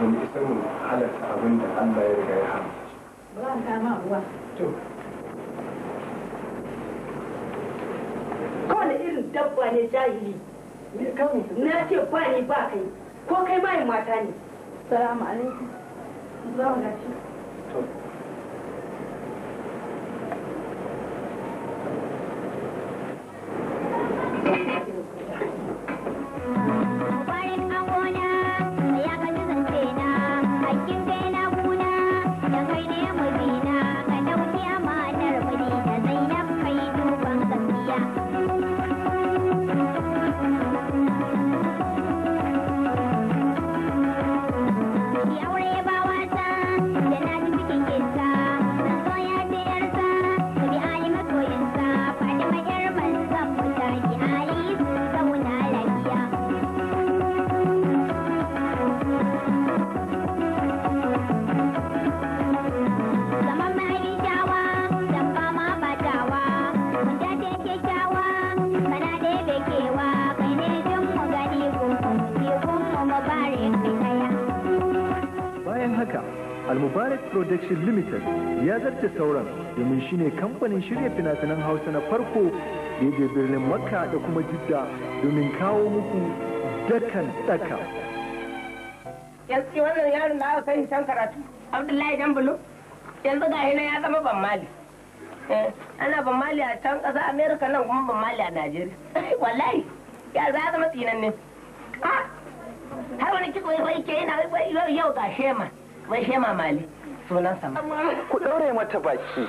to mu isa mu halatta abin da Allah ya riga ya halatta shi ba ka ma uwa to kowane irin dabba ne jahili na ce ba ni ba kai ko kai ma mata ne salamu alaikum za mu gaci Al-Mubarak Production Limited ya zarce sauran domin shi ne kamfanin shirya fina-finan Hausa na farko da ya birnin Makka da kuma Jidda domin kawo muku dakan tsaka. Yanzu wannan yaron da aka sani can karatu, Abdullahi Dan Bulo, yanzu ga hina ya zama ban mali. Eh, ana ban mali a can ƙasa Amerika nan kuma ban mali a Najeriya. Wallahi, ya zama tsinan ne. Har wani kiko ya yana yau ga shema. wai shema mali sunan sa ku daure mata baki